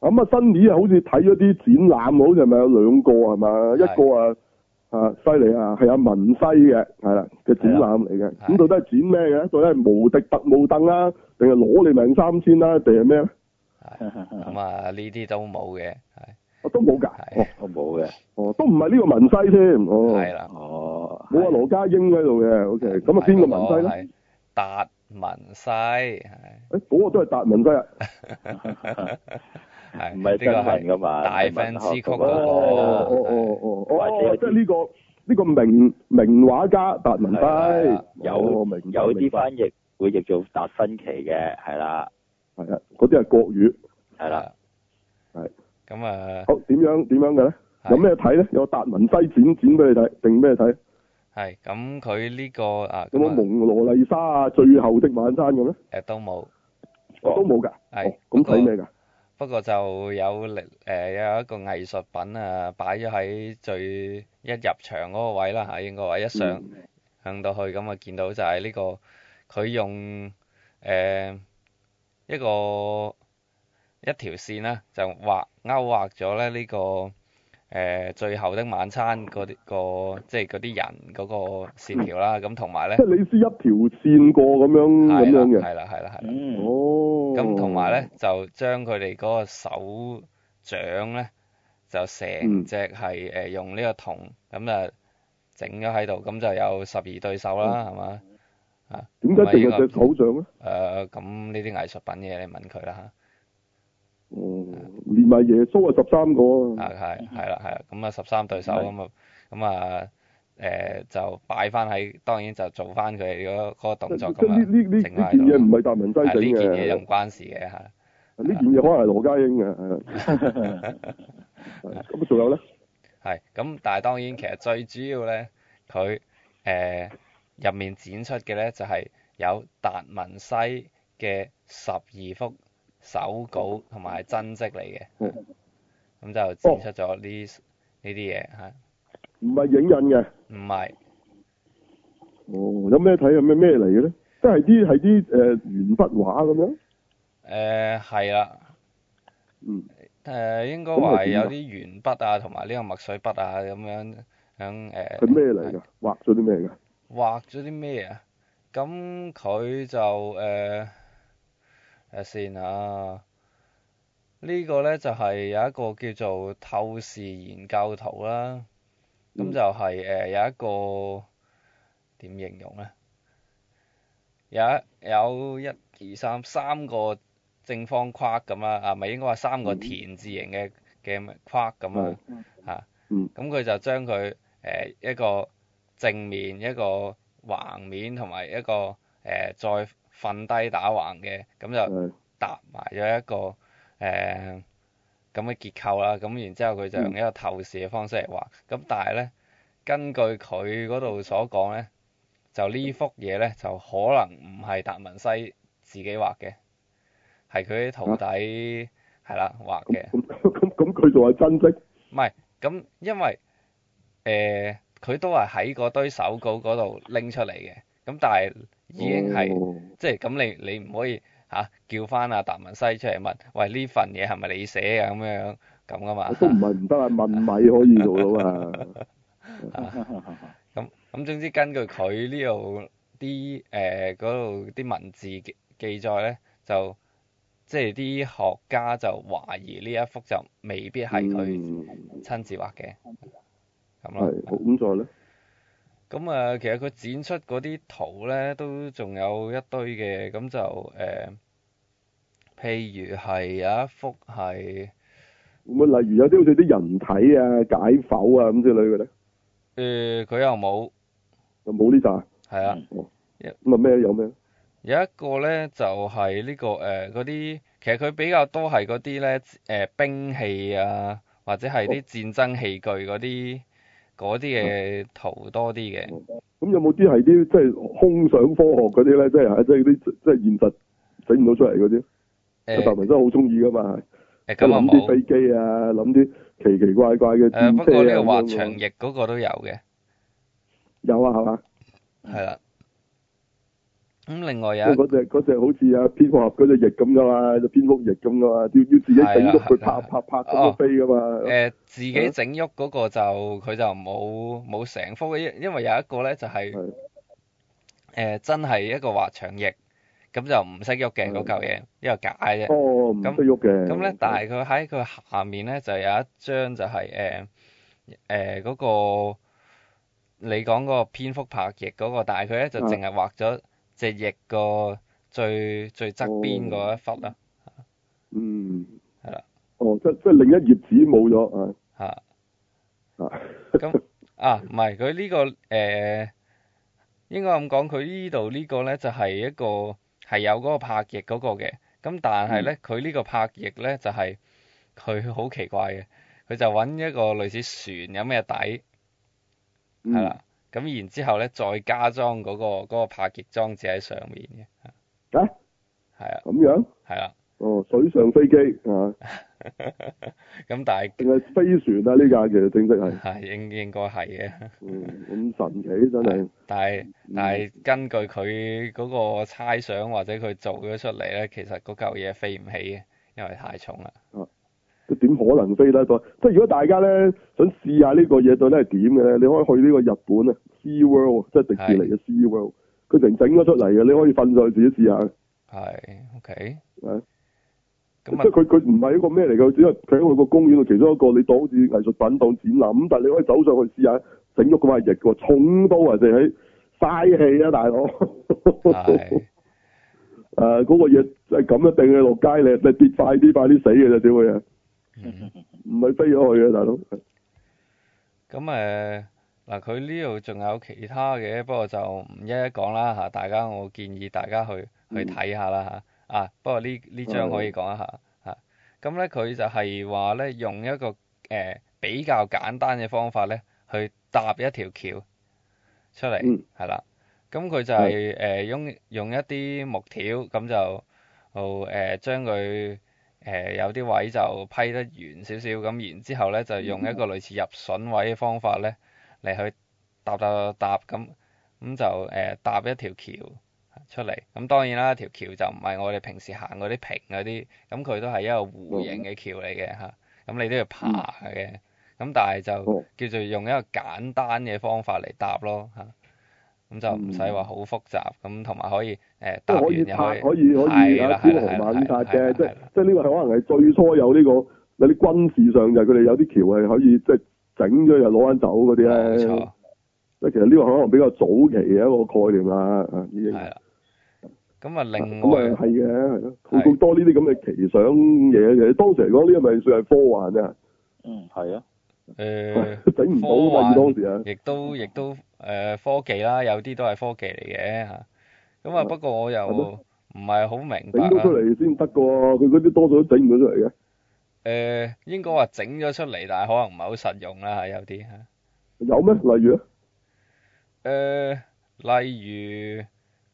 咁啊，新年啊，好似睇咗啲展覽，好似係咪有兩個係嘛？一個啊啊犀利啊，係阿文西嘅，係啦嘅展覽嚟嘅。咁到底係展咩嘅？到底係無敵特務凳啊，定係攞你命三千啦，定係咩咧？咁啊，呢啲都冇嘅，係我都冇噶，哦，我冇嘅，哦，都唔係呢個文西先，哦，係啦，哦，冇、哦、啊，羅家英喺度嘅，O K，咁啊，邊個、OK, 文西咧？達文西係，誒，嗰、欸那個都係達文西啊。 係唔係新聞噶嘛？是大分絲曲哦、啊、哦、啊、哦哦即係呢、這個呢、這個名名畫家達文西，有有啲翻譯會譯做達芬奇嘅，係啦。係啊，嗰啲係國語。係啦。係。咁啊。好、啊，點、啊啊哦、樣點樣嘅咧、啊？有咩睇咧？有達文西展展俾你睇定咩睇？係咁，佢呢、啊這個啊有冇蒙羅麗莎啊，啊？最後的晚餐咁咧？誒、啊，都冇。我都冇噶。係、哦。咁睇咩噶？是啊是啊那個不過就有力、呃、有一個藝術品啊，擺咗喺最一入場嗰個位啦嚇，應該話一上向到去咁啊，咁就見到就係呢、呢個佢用、呃、一個一條線啦、啊，就畫勾畫咗咧呢個、呃、最後的晚餐嗰啲、嗰個、即係啲人嗰個線條啦，咁同埋咧你是一條線過咁樣咁樣嘅。係啦係啦係啦。咁同埋咧，就將佢哋嗰個手掌咧，就成隻係誒用呢個銅咁啊整咗喺度，咁就有十二對手啦，係嘛啊？點解一定要隻手掌咧？誒，咁呢啲藝術品嘢你問佢啦嚇。嗯，連埋耶穌係十三個。啊，係係啦，係啦，咁啊十三對手咁啊咁啊。誒、呃、就擺翻喺，當然就做翻佢嗰嗰個動作咁啦。呢呢呢件嘢唔係達文西嘅，呢件嘢又唔關事、啊、事嘅。呢件嘢可能係羅家英嘅，咁 仲 有咧？係咁，但係當然其實最主要咧，佢誒入面展出嘅咧就係有達文西嘅十二幅手稿同埋真跡嚟嘅。咁就展出咗呢呢啲嘢。唔係影印嘅，唔係、哦。有咩睇有咩咩嚟嘅咧？都係啲係啲誒鉛筆畫咁樣。誒係啦。嗯。誒、呃、應該話有啲鉛筆啊，同埋呢個墨水筆啊咁樣響誒。咩嚟㗎？畫咗啲咩㗎？畫咗啲咩啊？咁佢就誒誒先啊。呃呢個、呢個咧就係、係、有一個叫做透視研究圖啦。咁就係、是、誒、呃、有一個點形容咧？有一有一二三三個正方框咁啦，啊咪應該話三個田字形嘅嘅框咁啊嚇。嗯。咁佢就將佢誒一個正面、一個橫面同埋一個誒、呃、再瞓低打橫嘅，咁就搭埋咗一個誒。呃咁嘅結構啦，咁然之後佢就用一個透視嘅方式嚟畫，咁、嗯、但係呢，根據佢嗰度所講呢，就呢幅嘢呢，就可能唔係達文西自己畫嘅，係佢啲徒弟係啦、啊、畫嘅。咁佢就係真跡？唔、啊、係，咁、啊啊、因為誒，佢、呃、都係喺嗰堆手稿嗰度拎出嚟嘅，咁但係已經係、哦、即係咁，你你唔可以。嚇！叫翻阿達文西出嚟問，喂呢份嘢係咪你寫嘅咁樣咁噶嘛？都唔係唔得啊，問 米可以做到嘛？咁 咁、 啊、總之根據佢呢度啲誒嗰度啲文字記載咧，就即係啲學家就懷疑呢一幅就未必係佢親自畫嘅，咁、嗯、咯。咁再咧？咁啊，其實佢展出嗰啲圖咧，都仲有一堆嘅，咁就誒，譬如係有一幅係，咁啊，例如有啲好似啲人體啊、解剖啊咁之類嘅咧，誒，佢又冇，又冇呢咋？係啊，咁啊咩有咩？有一個咧，就係呢個誒嗰啲，其實佢比較多係嗰啲咧誒兵器啊，或者係啲戰爭器具嗰啲。嗰啲嘅圖多啲嘅，咁、嗯、有冇啲係啲即係空想科學嗰啲咧？即係即係啲即係現實整唔到出嚟嗰啲。誒、欸，達文西真好中意噶嘛？咁諗啲飛機啊，諗、嗯、啲奇奇怪怪嘅、啊欸、不過呢個滑翔翼嗰個都有嘅，有啊，係嘛？係、嗯、啦。咁另外有嗰隻嗰隻好似啊蝙蝠俠嗰隻翼咁噶嘛，隻蝙蝠翼咁噶嘛，要要自己整喐佢拍拍拍咁樣飛噶嘛。誒自己整喐嗰個就佢就冇冇成幅，因因為有一個咧就係誒真係一個滑翔翼，咁就唔識喐嘅嗰嚿嘢，因為假啫。哦，唔識喐嘅。咁咧，但係佢喺佢下面咧就有一張就係誒誒嗰個你講個蝙蝠拍翼嗰個，但係佢咧就淨係畫咗。隻翼個最最側邊嗰一忽啦、哦，嗯，係啦，哦，即即另一頁紙冇咗啊，嚇、啊，咁 啊唔係佢呢個誒、呃，應該咁講，佢呢度呢個咧就係、是、一個係有嗰個拍翼嗰個嘅，咁但係咧佢呢、嗯、個拍翼咧就係佢好奇怪嘅，佢就揾一個類似船有咩底，係、嗯、啦。咁然之後咧，再加裝嗰、那個嗰、那個拍擊裝置喺上面嘅。係啊。咁、啊、樣？係啦、啊。哦，水上飛機 啊。咁但係定係飛船啊？呢架其實正式係。係應應該係嘅。咁、 嗯、神奇真係。但係但係根據佢嗰個猜想或者佢做咗出嚟咧、嗯，其實嗰嚿嘢飛唔起嘅，因為太重啦。啊點可能飛得到？即係如果大家咧想試下呢個嘢，到底係點嘅咧？你可以去呢個日本啊 Sea World，即係迪士尼嘅 Sea World，佢成整咗出嚟嘅，你可以瞓上去自己試下。係，OK。咁即係佢佢唔係一個咩嚟嘅，只係喺佢個公園度其中一個你當好似藝術品當展覽，咁但係你可以走上去試下，整喐嗰塊翼嘅，重到啊，或者喺嘥氣啊，大佬。誒，嗰、 呃嗰個嘢係咁啊，定去落街你你跌快啲，快啲死嘅咋？點會啊？唔係飛咗去嘅，大佬。咁、嗯、誒，嗱，佢呢度仲有其他嘅，不過就唔一一講啦吓，大家我建議大家去、嗯、去睇下啦吓。啊，不過呢呢張可以講一下吓。咁、嗯、咧，佢、嗯、就係話咧，用一個誒、呃、比較簡單嘅方法咧，去搭一條橋出嚟，係、嗯、啦。咁佢就係、是、誒、嗯、用用一啲木條，咁就哦誒將佢。呃誒、呃，有啲位就批得圓少少，咁然之後咧就用一個類似入笋位嘅方法咧嚟去搭搭搭咁，咁就誒、呃、搭一條橋出嚟。咁當然啦，條橋就唔係我哋平時行嗰啲平嗰啲，咁佢都係一個弧形嘅橋嚟嘅吓。咁你都要爬嘅，咁但係就叫做用一個簡單嘅方法嚟搭咯吓。咁就唔使話好複雜，咁同埋可以誒、欸、搭連又可，可，可以，可以，係啦係啦，即係即係呢個係可能係最初有呢、這個。有啲軍事上就佢哋有啲橋係可以即係整咗又攞翻走嗰啲咧。即係、啊、其實呢個可能比較早期嘅一個概念啦、已經嗯嗯、啊。係啦。咁啊，另外。咁啊，係嘅，係咯，好多呢啲咁嘅奇想嘢嘅，當時嚟講呢、這個咪算係科幻啫。嗯，係啊。誒整唔到當時啊！亦都亦都誒科技啦，有啲都係科技嚟嘅嚇。咁啊，不過我又唔係好明白咯。整到出嚟先得嘅喎，佢嗰啲多數都整唔到出嚟嘅。誒應該話整咗出嚟，但係可能唔係好實用啦嚇，有啲嚇。有咩？例如咧？誒例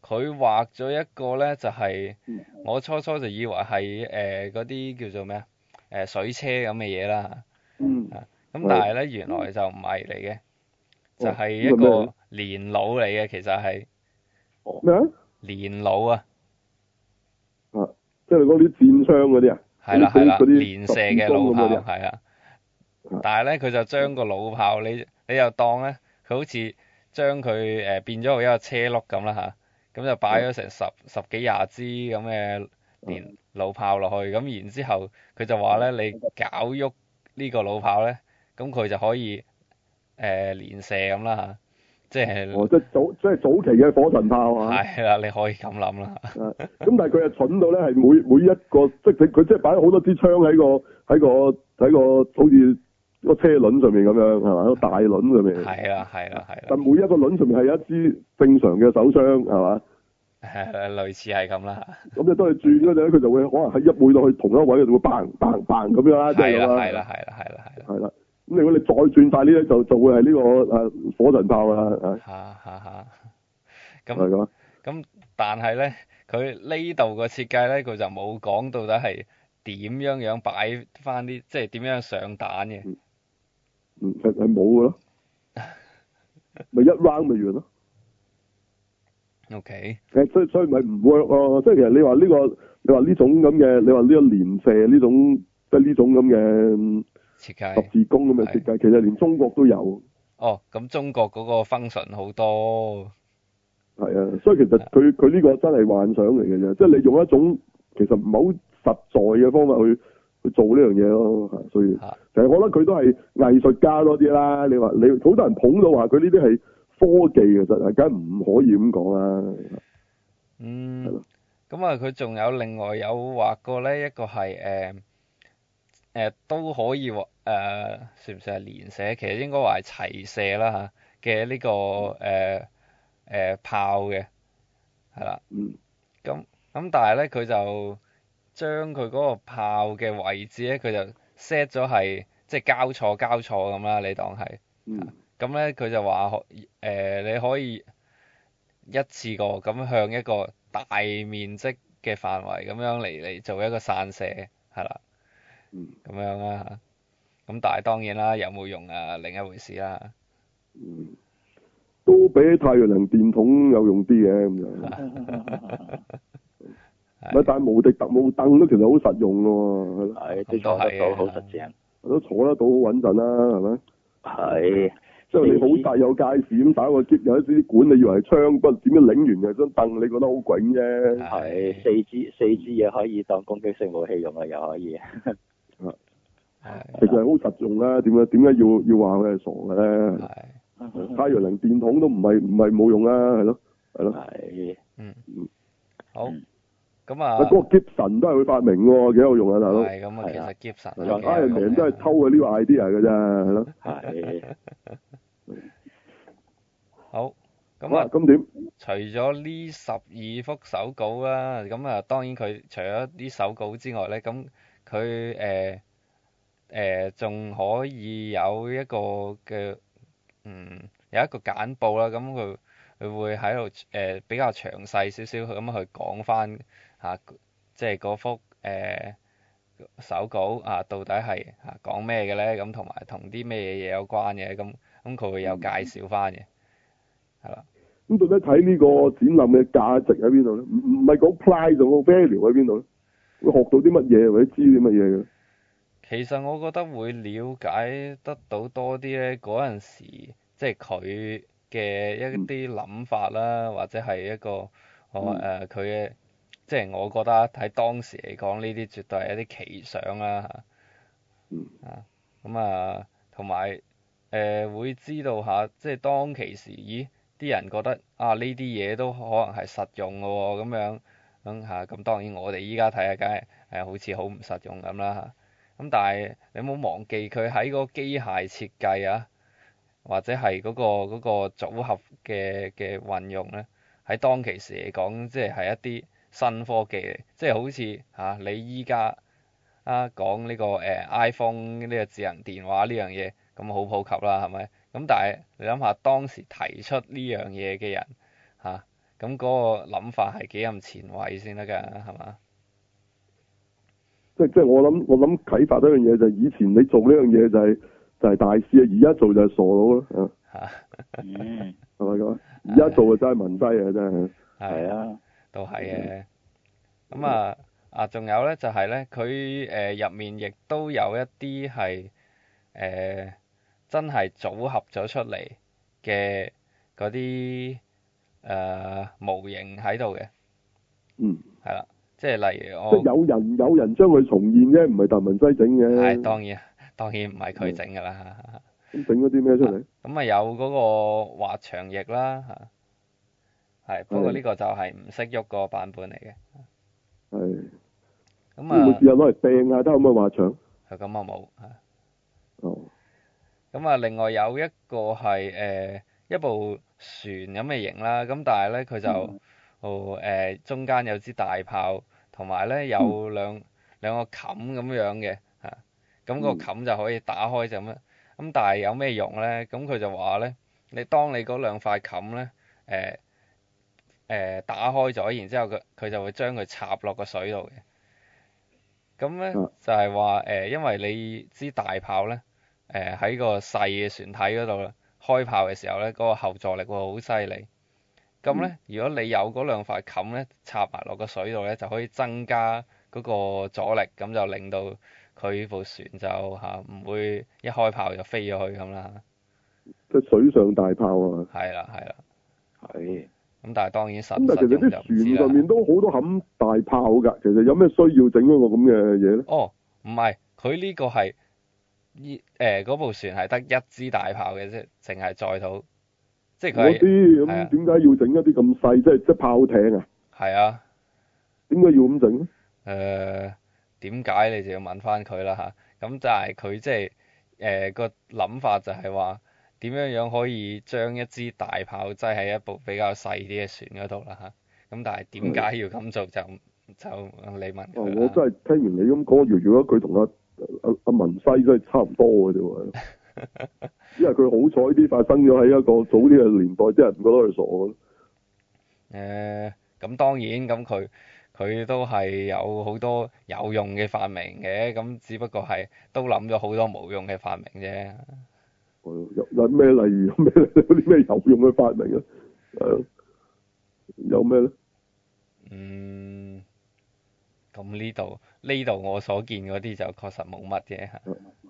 如佢畫咗一個咧，就係我初初就以為係誒嗰啲叫做咩啊？誒水車咁嘅嘢啦嚇。嗯。咁但係咧，原來就唔係嚟嘅，就係、是、一個連弩嚟嘅。其實係咩啊？哦、連弩啊，啊，即係嗰啲箭槍嗰啲啊，係啦係啦，啲連射嘅弩炮，係、嗯、啊。但係咧，佢就將個弩炮，你你又當咧，佢好似將佢誒變咗一個車轆咁啦吓，咁、啊、就擺咗成十、嗯、十幾廿支咁嘅連弩炮落去，咁、嗯、然之後佢就話咧：你搞喐呢個弩炮咧。咁佢就可以誒、呃、連射咁啦嚇，即係哦，即係早即係早期嘅火神炮啊！係啦，你可以咁諗啦。咁 但係佢係蠢到咧，係每每一個即係佢，即係擺咗好多支槍喺個喺個喺個好似個車輪上面咁樣嚇，喺個大輪上面。係啦，係啦，係啦。但每一個輪上面係一支正常嘅手槍係嘛？係類似係咁啦。咁 就都係轉嗰陣，佢就會可能喺一每到去同一位，佢就會 bang bang bang 咁樣啦，即係啦。係啦，係啦，係啦，係啦，係啦。如果你再轉快啲咧，就就會係呢、這個誒、啊、火神炮啊。吓吓吓，咁係咁。咁、就是、但係咧，佢呢度個設計咧，佢就冇講到底係點樣樣擺翻啲，即係點樣上彈嘅。嗯，係冇噶咯，咪、嗯、 一 round 咪完咯。O K，誒，所所以咪唔會喎。即係其實你話呢、這個，你話呢種咁嘅，你話呢個連射呢種，即係呢種咁嘅。設計十字弓咁嘅設計，其實連中國都有。哦，咁中國嗰個 function 好多。係啊，所以其實佢佢呢個真係幻想嚟嘅啫，即係你用一種其實唔係好實在嘅方法去去做呢樣嘢咯。所以，其實我覺得佢都係藝術家多啲啦。你話你好多人捧到話佢呢啲係科技，其實梗係唔可以咁講啦。嗯，咁啊，佢仲有另外有畫過咧，一個係誒。呃誒、呃、都可以喎，呃，算唔算係連射？其實應該話係齊射啦吓嘅呢個誒誒炮嘅？係啦。咁咁，但係咧，佢就將佢嗰個炮嘅位置咧，佢就 set 咗係即係交錯交錯咁啦，你當係。嗯。咁、啊、咧，佢就話可、呃、你可以一次過咁向一個大面積嘅範圍咁樣嚟嚟做一個散射，係啦。咁樣啦、啊，咁但係當然啦，有冇用啊，另一回事啦。嗯，都比太陽能電筒有用啲嘅咁樣。 但係無敵特務凳都其實好實用咯喎。係、嗯，都坐得到穩，好實用。都坐得到好穩陣啦，係咪？係，即係你好大有界線咁打個結，有一支管理你以為係槍，不過點知擰完其實凳，你覺得好鬼啫。係，四支四支嘢可以當攻擊性武器用啊，又可以。 係，其實係好實用啦，點解點解要要話佢係傻嘅咧？係，加油靈電筒都唔係唔係冇用啦，係咯，係咯。係，嗯嗯，好，咁啊。嗰個夾神都係佢發明喎，幾有用啊，大佬。係咁啊，其實夾神。加油靈都係偷佢呢個 idea 嘅啫，係咯。係。好，咁啊，咁點？除咗呢十二幅手稿啦，咁啊，當然佢除咗啲手稿之外咧，咁佢誒。誒仲可以有一個嘅，嗯，有一個簡報啦，咁佢佢會喺度誒比較詳細少少咁去講翻嚇，即係嗰幅誒手稿啊，到底係嚇講咩嘅咧？咁同埋同啲咩嘢嘢有關嘅？咁咁佢會有介紹翻嘅，係啦。咁到底睇呢個展覽嘅價值喺邊度咧？唔唔係講 price 定 value 喺邊度咧？會學到啲乜嘢或者知啲乜嘢嘅？其實我覺得會瞭解得到多啲咧，嗰陣時即係佢嘅一啲諗法啦，或者係一個我誒佢嘅，即係我覺得喺當時嚟講，呢啲絕對係一啲奇想啦嚇。嗯。啊，咁啊，同埋誒會知道下，即係當其時，咦，啲人覺得啊呢啲嘢都可能係實用嘅喎，咁樣咁嚇，咁當然我哋依家睇下，梗係係好似好唔實用咁啦嚇。咁但係你冇忘記佢喺嗰個機械設計啊，或者係嗰、嗰個嗰、嗰個、組合嘅嘅運用咧，喺當其時嚟講即係一啲新科技嚟，即、就、係、是、好似、啊、你依家啊講呢、呢個、啊、iPhone 呢個智能電話呢樣嘢，咁好普及啦，係咪？咁但係你諗下當時提出呢樣嘢嘅人嚇，咁、啊、嗰個諗法係幾咁前衛先得㗎，係嘛？即即係我諗，我諗啟發一樣嘢就係以前你做呢樣嘢就係、係、就係、係、大師啊，而家做就係傻佬咯、 嗯啊，啊，嗯，係咪咁啊？而家做就真係文西啊，真係。係、呃、啊，都係嘅。咁啊啊，仲有咧就係咧，佢誒入面亦都有一啲係誒真係組合咗出嚟嘅嗰啲誒模型喺度嘅。嗯。係啦。即係例如哦，即係有人有人將佢重現啫，唔係達文西整嘅。係當然，當然唔係佢整噶啦。咁整咗啲咩出嚟？咁啊有嗰個滑翔翼啦嚇。係，不過呢個就係唔識喐個版本嚟嘅。係。咁啊，有攞嚟掟下得唔得滑翔？係咁啊冇嚇。哦。咁啊，另外有一個係誒一部船咁嘅型啦，咁但係咧佢就。哦，中間有支大炮，同埋咧有兩兩個冚咁樣嘅嚇，咁個冚就可以打開咁樣。咁但係有咩用咧？咁佢就話咧，你當你嗰兩塊冚咧誒誒打開咗，然之後佢佢就會將佢插落個水度嘅。咁咧就係話誒，因為你支大炮咧誒喺個細嘅船體嗰度啦，開炮嘅時候咧，嗰個後座力會好犀利。咁咧，如果你有嗰兩塊冚咧，插埋落個水度咧，就可以增加嗰個阻力，咁就令到佢部船就嚇唔會一開炮就飛咗去咁啦。即係水上大炮啊！係啦，係啦，係。咁但係當然實實在，其實啲船上面都好多冚大炮㗎。其實有咩需要整一個咁嘅嘢咧？哦，唔係，佢呢個係，依，欸，嗰部船係得一支大炮嘅啫，淨係載到。即係嗰啲咁點解要整一啲咁細，即係即係炮艇啊？係啊，點解要咁整咧？誒，點解你就要問翻佢啦嚇？咁但係佢即係誒個諗法就係話點樣樣可以將一支大炮擠喺一部比較細啲嘅船嗰度啦嚇？咁但係點解要咁做就、啊、就你問、啊、我真係聽完你咁講，如搖搖一句同阿阿文西真係差唔多嘅啫、啊 因為佢好彩啲發生咗喺一個早啲嘅年代，即係唔覺得佢傻咁。誒、呃，咁當然，咁佢佢都係有好多有用嘅發明嘅，咁只不過係都諗咗好多冇用嘅發明啫、呃。有有咩？例如咩？嗰啲咩有用嘅發明啊？係、呃、有咩咧？嗯。咁呢度呢度我所見嗰啲就確實冇乜嘢，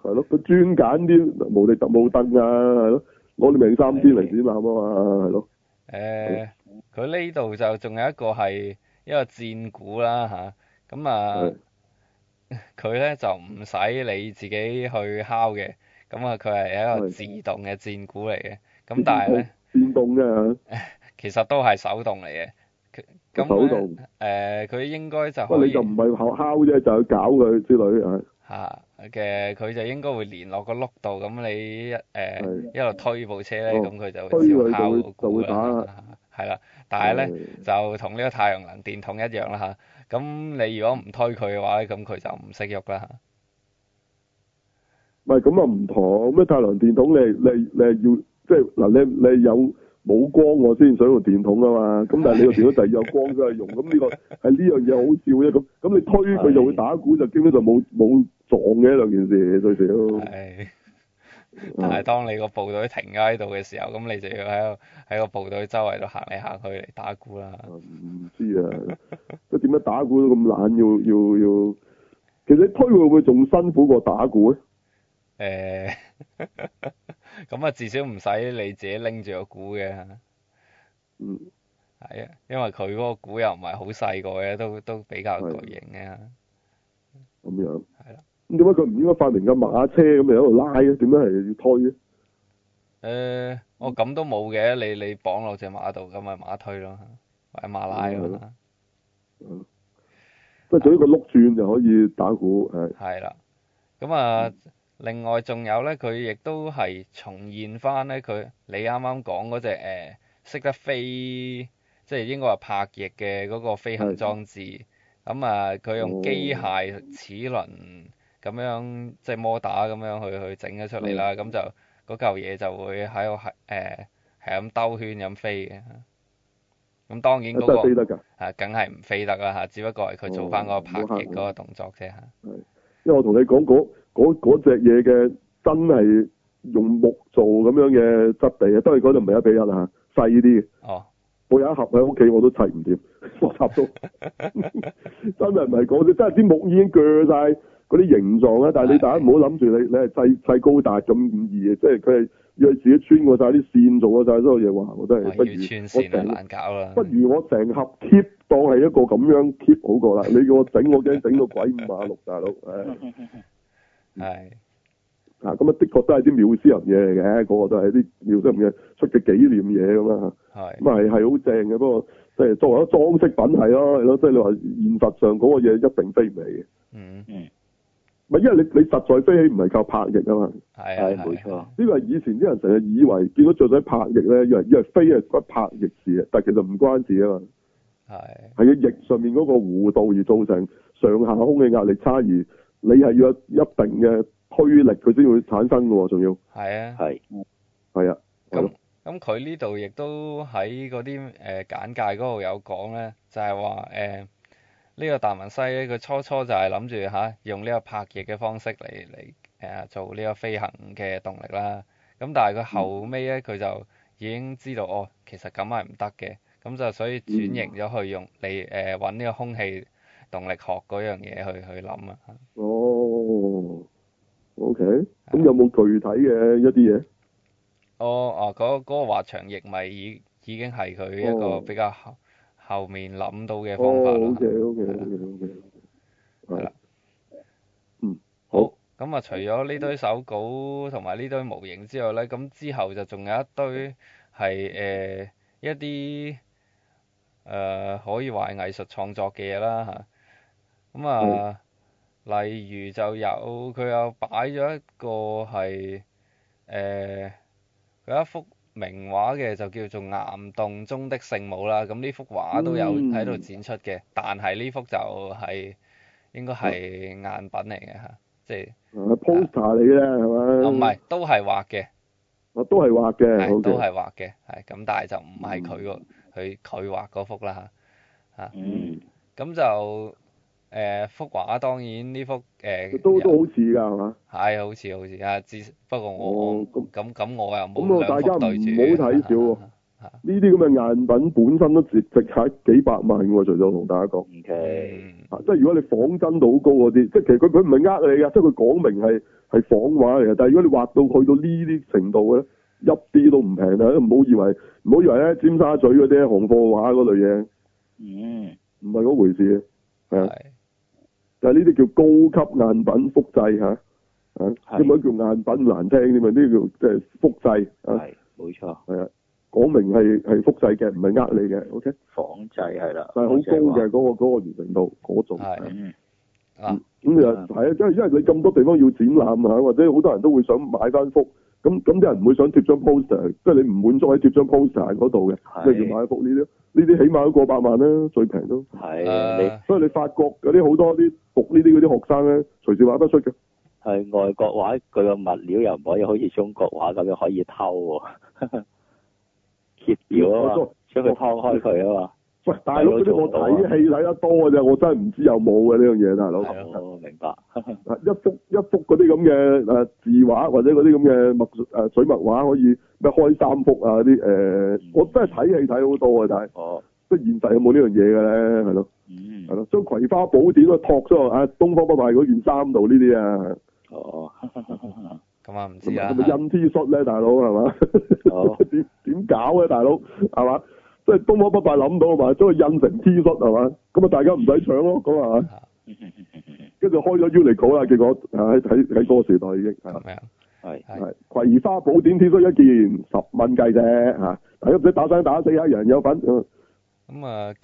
係咯，佢專揀啲無地揼冇凳啊，係咯，我哋明三知零點八啊嘛，係咯。誒，佢呢度就仲有一個係一個戰鼓啦嚇，咁啊，佢咧就唔使你自己去敲嘅，咁啊佢係一個自動嘅戰鼓嚟嘅，咁但係咧，電動嘅，其實都係手動嚟嘅。咁咧，誒佢應該就，不你就唔係敲啫，就去搞佢之類啊。嚇，嘅佢就應該會連落個轆度，咁你一誒一路推部車咧，咁佢就先敲個鼓啦。係啦，但係咧就同呢個太陽能電筒一樣啦嚇。咁你如果唔推佢嘅話咧，咁佢就唔識喐啦嚇。唔係咁啊唔同咩？太陽能電筒你你你係要即係嗱，你你有。冇光我先想用電筒噶嘛，咁但係你個電筒第二有光先係用，咁呢個係呢樣嘢好笑啫。咁咁你推佢就會打鼓，就基本上冇冇撞嘅兩件事最少。係，但係當你個部隊停喺度嘅時候，咁你就要喺喺個部隊周圍度行嚟行去嚟打鼓啦。唔知啊，即係點解打鼓都咁懶，要要要，其實你推會唔會仲辛苦過打鼓咧？誒。咁啊，至少唔使你自己拎住個鼓嘅。嗯。係啊，因為佢嗰個鼓又唔係好細個嘅，都都比較巨型嘅。咁樣。係啦。點解佢唔應該發明個馬車咁，咪喺度拉嘅？點解係要推咧？誒、呃，哦，咁都冇嘅，你你綁落隻馬度，咁咪馬推咯，或者馬拉咁啦。嗯。即係做一個碌轉就可以打鼓係。係啦，咁啊。另外仲有呢，佢亦都係重現翻呢。佢你啱啱講嗰隻誒識得飛，即係應該話拍翼嘅嗰個飛行裝置。咁啊，佢、嗯、用機械齒輪咁樣，哦、即係摩打咁樣去去整咗出嚟啦。咁、嗯、就嗰嚿嘢就會喺度係誒，係咁兜圈咁飛嘅。咁、嗯、當然嗰、嗰個係飛得得啊，梗係唔飛得啦嚇，只不過係佢做翻嗰個拍翼嗰個動作啫嚇、嗯。因為我同你講過。嗰嗰隻嘢嘅真係用木做咁樣嘅質地啊，當然嗰度唔係一比一啊，細啲哦，我有一盒喺屋企，我都砌唔掂，我插到真係唔係講，真係啲木已經鋸晒嗰啲形狀啦。但係你大家唔好諗住你你係砌砌高達咁易嘅，即係佢係要自己穿過晒啲線，做晒所有嘢哇，我真係不如我成盒 kit 當係一個咁樣 kit 好過啦。 你叫我整，我驚整到鬼五馬六， 大佬。哎 係，啊咁，啊，的確都係啲妙小人嘢嚟嘅，個個都係啲妙小人嘅出嘅紀念嘢咁啊，係，咁係好正嘅，不過即係作為一裝飾品係咯，係咯，即係你話現實上嗰個嘢一定飛唔起嘅，嗯嗯，係因為你你實在飛起唔係靠拍翼啊嘛，係啊，冇錯，因為以前啲人成日以為見到雀仔拍翼咧，以為以為飛係骨拍翼事啊，但係其實唔關事啊嘛，係，係啊，翼上面嗰個弧度而造成上下空氣壓力差異。你係要有一定嘅推力，佢先會產生嘅喎，仲要。係啊。係。係啊。咁咁，佢呢度亦都喺嗰啲誒簡介嗰度有講咧，就係話誒呢個達文西咧，佢初初就係諗住吓用呢個拍翼嘅方式嚟嚟誒做呢個飛行嘅動力啦。咁但係佢後尾咧，佢、嗯、就已經知道哦，其實咁係唔得嘅，咁就所以轉型咗去用嚟誒搵呢個空氣。.動力學嗰樣嘢去去諗啊！哦、oh，OK，咁有冇具體嘅一啲嘢？哦，啊嗰、那個、那個長翔咪已已經係佢一個比較後、oh. 後面諗到嘅方法啦。啦、oh, okay, okay, okay, okay, okay。嗯、mm，好。咁啊，除咗呢堆手稿同埋呢堆模型之後咧，咁之後就仲有一堆係、呃、一啲、呃、可以話藝術創作嘅嘢啦。咁啊，例如就有佢有擺咗一個係誒有一幅名畫嘅就叫做岩洞中的聖母啦。咁呢幅畫都有喺度展出嘅，但係呢幅就係應該係贋品嚟嘅嚇，即係 poster 嚟嘅啦，係咪？啊唔係，都係畫嘅，我都係畫嘅，都係畫嘅，係咁，但係就唔係佢個佢佢畫嗰幅啦嚇嚇，咁就。誒、呃、幅畫當然呢幅誒、呃、都都好似㗎係嘛？係、嗯、好似好似啊！只不過我咁咁、哦、我又冇兩幅對住。咁大家唔好睇少喎。呢啲咁嘅贗品本身都值值係幾百萬㗎喎，除咗同大家講。OK，、嗯、即係如果你仿真度好高嗰啲，即係其實佢佢唔係呃你㗎，即係佢講明係係仿畫嚟㗎。但係如果你畫到去到呢啲程度咧，一啲都唔平啦！唔好以為唔好以為咧尖沙咀嗰啲行貨畫嗰類嘢，嗯，唔係嗰回事，就係呢啲叫高級贗品複製嚇，嚇點解叫贗品唔難聽點啊？呢叫即係複製嚇，冇錯，係啊，講明係係複製嘅，唔係呃你嘅，OK？仿製係啦，係好高嘅嗰個嗰個完成度嗰種，嗯啊，咁又係啊，即係因為你咁多地方要展覽嚇，或者好多人都會想買翻幅。咁咁啲人唔會想貼張 poster，即係你唔滿足喺貼張 poster 嗰度嘅，即係要買幅呢啲，呢啲起碼都過百萬啦，最平都。係，所以你發覺嗰啲好多啲讀呢啲嗰啲學生咧，隨時畫得出嘅。係、呃、外國畫，佢個物料又唔可以好似中國畫咁樣可以偷啊，揭掉啊嘛，將佢拋開佢啊嘛。喂，大佬，嗰啲、啊、我睇戲睇得多嘅啫，我真係唔知有冇嘅呢樣嘢，大佬、哎。我明白。 一幅一幅嗰啲咁嘅誒字畫或者嗰啲咁嘅墨誒水墨畫可以咩開三幅啊啲誒、呃嗯，我真係睇戲睇好多啊，睇。哦。即係現實有冇呢樣嘢嘅咧，係咯。嗯。係咯，將《葵花寶典》都托咗喺、嗯、東方不敗嗰件衫度呢啲啊。哦。咁啊唔知啊。係咪陰天術咧，大佬係嘛？好。點、哦、 搞嘅大佬係嘛？ 即係東方不敗諗到啊嘛，將佢印成 t 恤係嘛？咁啊大家唔使搶咯，咁啊，跟 住開咗 U 嚟講啦，結果喺喺喺個時代已經係，係係葵花寶典 t 恤一件十蚊計啫吓，都唔使打生打死啊，人有份。咁啊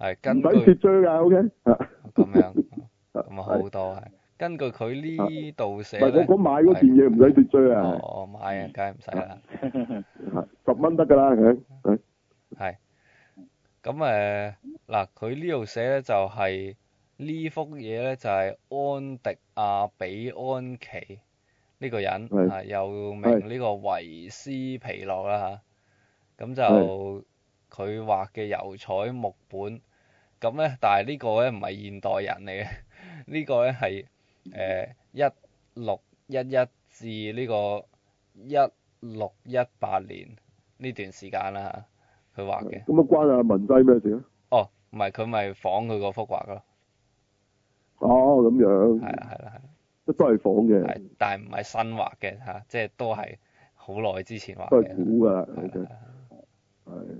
係，唔使脫追噶，O K，咁樣咁啊好多係，根據佢呢度寫我講買嗰件嘢唔使脫追啊，哦買啊，梗係唔使啦，十蚊得噶啦，係 係。咁誒嗱，佢呢度寫咧就係呢幅嘢咧就係安迪亞比安奇呢個人啊，又名呢個維斯皮諾啦咁、嗯、就佢畫嘅油彩木本。咁、嗯、咧，但係呢個咧唔係現代人嚟嘅，呢、呢個咧係一六一一至呢個一六一八年呢段時間啦佢畫嘅，咁乜關啊文西咩事啊？哦，唔係佢咪仿佢嗰幅畫咯。哦，咁樣。係啊，係啦，係啦，都都係仿嘅。係，但係唔係新畫嘅嚇、啊，即係都係好耐之前畫嘅。係古㗎係嘅。係、啊。